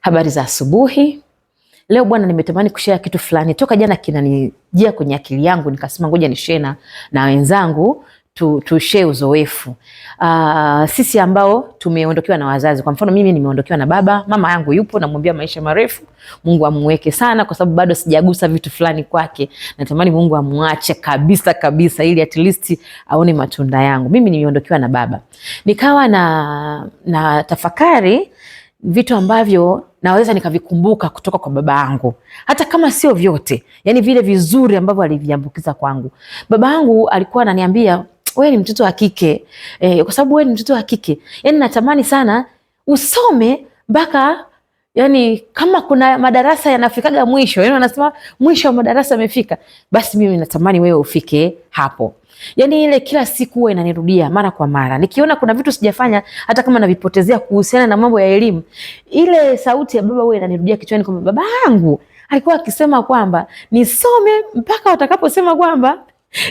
Habari za asubuhi. Leo bwana, nimetamani kushare kitu fulani toka jana, kinanijia kwenye akili yangu, nikasema ngoja ni share na, na wenzangu tu, tu share uzoefu. Uh, sisi ambao tumeondokewa na wazazi, kwa mfano mimi nimeondokewa na baba, mama yangu yupo, namwambia maisha marefu, Mungu amweke sana, kwa sababu bado sijagusa vitu fulani kwake. Natamani Mungu amwache kabisa kabisa, ili at least aone matunda yangu. Mimi nimeondokewa na baba, nikawa na, na tafakari vitu ambavyo naweza nikavikumbuka kutoka kwa baba yangu, hata kama sio vyote, yani vile vizuri ambavyo aliviambukiza kwangu. Baba yangu alikuwa ananiambia wewe ni mtoto wa kike eh, kwa sababu wewe ni mtoto wa kike, yani natamani sana usome mpaka yani kama kuna madarasa yanafikaga mwisho, yani wanasema mwisho wa madarasa yamefika, basi mimi natamani wewe ufike hapo yani ile kila siku huwa inanirudia mara kwa mara, nikiona kuna vitu sijafanya, hata kama navipotezea kuhusiana na mambo ya elimu, ile sauti ya baba huwa inanirudia kichwani kwamba baba yangu alikuwa akisema kwamba nisome mpaka watakaposema kwamba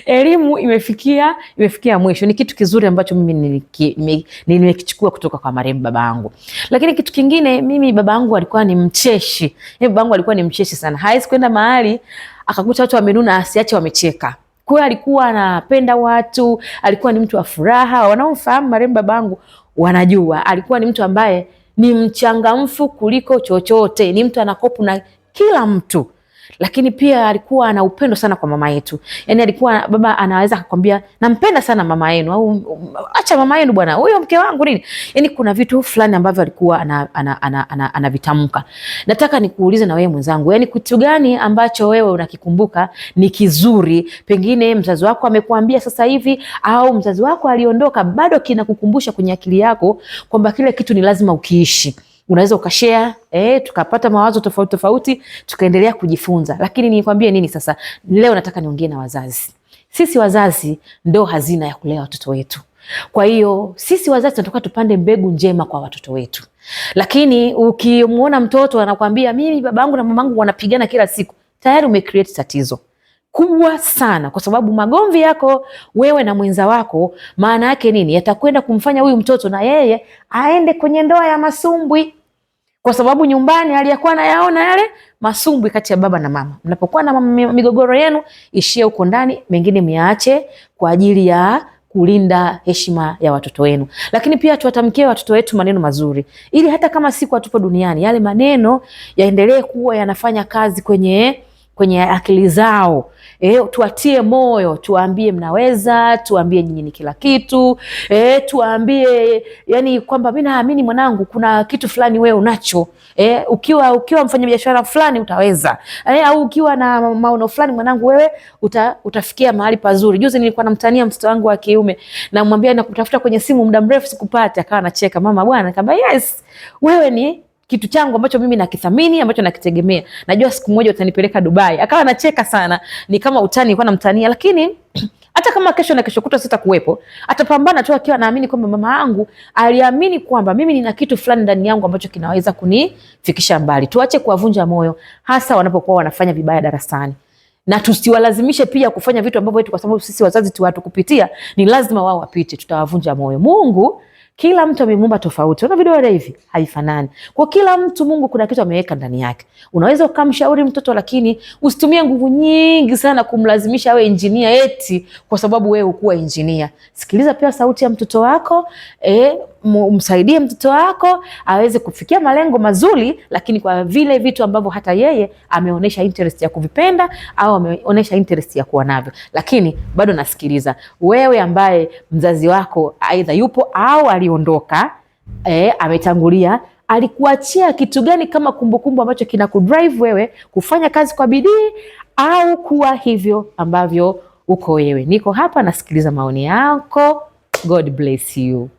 elimu imefikia imefikia mwisho. Ni kitu kizuri ambacho mimi nimekichukua kutoka kwa marehemu baba yangu. Lakini kitu kingine, mimi baba yangu alikuwa ni mcheshi. Yaani baba yangu alikuwa ni mcheshi sana, hawezi kwenda mahali akakuta watu wamenuna asiache wamecheka. Kwa hiyo alikuwa anapenda watu, alikuwa ni mtu wa furaha. Wanaomfahamu marehemu babangu wanajua alikuwa ni mtu ambaye ni mchangamfu kuliko chochote, ni mtu anakopu na kila mtu lakini pia alikuwa ana upendo sana kwa mama yetu. Yani alikuwa baba anaweza akakwambia nampenda sana mama yenu, au acha mama yenu bwana, huyo mke wangu nini. Yani kuna vitu fulani ambavyo alikuwa anavitamka ana, ana, ana, ana, ana. Nataka nikuulize na wewe mwenzangu, yani kitu gani ambacho wewe unakikumbuka ni kizuri, pengine mzazi wako amekuambia sasa hivi au mzazi wako aliondoka, bado kinakukumbusha kwenye akili yako kwamba kile kitu ni lazima ukiishi unaweza ukashea eh, tukapata mawazo tofauti tofauti, tukaendelea kujifunza. Lakini nikwambie nini sasa, leo nataka niongee na wazazi. Sisi wazazi ndo hazina ya kulea watoto wetu. Kwa hiyo sisi wazazi tunatoka tupande mbegu njema kwa watoto wetu, lakini ukimwona mtoto anakwambia mimi babangu na mamangu wanapigana kila siku, tayari umecreate tatizo kubwa sana, kwa sababu magomvi yako wewe na mwenza wako, maana yake nini? Yatakwenda kumfanya huyu mtoto na yeye aende kwenye ndoa ya masumbwi, kwa sababu nyumbani aliyakuwa anayaona yale masumbwi kati ya baba na mama. Mnapokuwa na migogoro yenu, ishie huko ndani, mengine miache kwa ajili ya kulinda heshima ya watoto wenu. Lakini pia tuwatamkie watoto wetu maneno mazuri, ili hata kama siku hatupo duniani, yale maneno yaendelee kuwa yanafanya kazi kwenye kwenye akili zao e, eh, tuwatie moyo, tuwaambie mnaweza, tuwaambie nyinyi ni kila kitu e, eh, tuwaambie yani kwamba mi naamini mwanangu, kuna kitu fulani wewe unacho e, ukiwa ukiwa mfanyabiashara fulani utaweza e, au ukiwa na maono fulani mwanangu, wewe uta, utafikia mahali pazuri. Juzi nilikuwa namtania mtoto wangu wa kiume, namwambia nakutafuta kwenye simu muda mrefu sikupata, akawa anacheka mama bwana, kamba yes wewe ni kitu changu ambacho mimi nakithamini ambacho nakitegemea, najua siku moja utanipeleka Dubai. Akawa anacheka sana, ni kama utani nilikuwa namtania, lakini hata kama kesho na kesho kutwa sitakuwepo, atapambana tu akiwa naamini kwamba mama yangu aliamini kwamba mimi nina kitu fulani ndani yangu ambacho kinaweza kunifikisha mbali. Tuache kuwavunja moyo, hasa wanapokuwa wanafanya vibaya darasani, na tusiwalazimishe pia kufanya vitu ambavyo kwa sababu sisi wazazi tuwatukupitia, ni lazima wao wapite, tutawavunja moyo. Mungu kila mtu amemuumba tofauti. Una vidole hivi haifanani. Kwa kila mtu Mungu kuna kitu ameweka ndani yake. Unaweza ukamshauri mtoto, lakini usitumie nguvu nyingi sana kumlazimisha awe injinia eti kwa sababu wewe ukuwa injinia. Sikiliza pia sauti ya mtoto wako, eh, umsaidie mtoto wako aweze kufikia malengo mazuri, lakini kwa vile vitu ambavyo hata yeye ameonyesha interest ya kuvipenda au ameonyesha interest ya kuwa navyo. Lakini bado nasikiliza wewe, ambaye mzazi wako aidha yupo au aliondoka, eh, ametangulia alikuachia kitu gani kama kumbukumbu ambacho kina kudrive wewe kufanya kazi kwa bidii au kuwa hivyo ambavyo uko wewe. Niko hapa nasikiliza maoni yako. God bless you.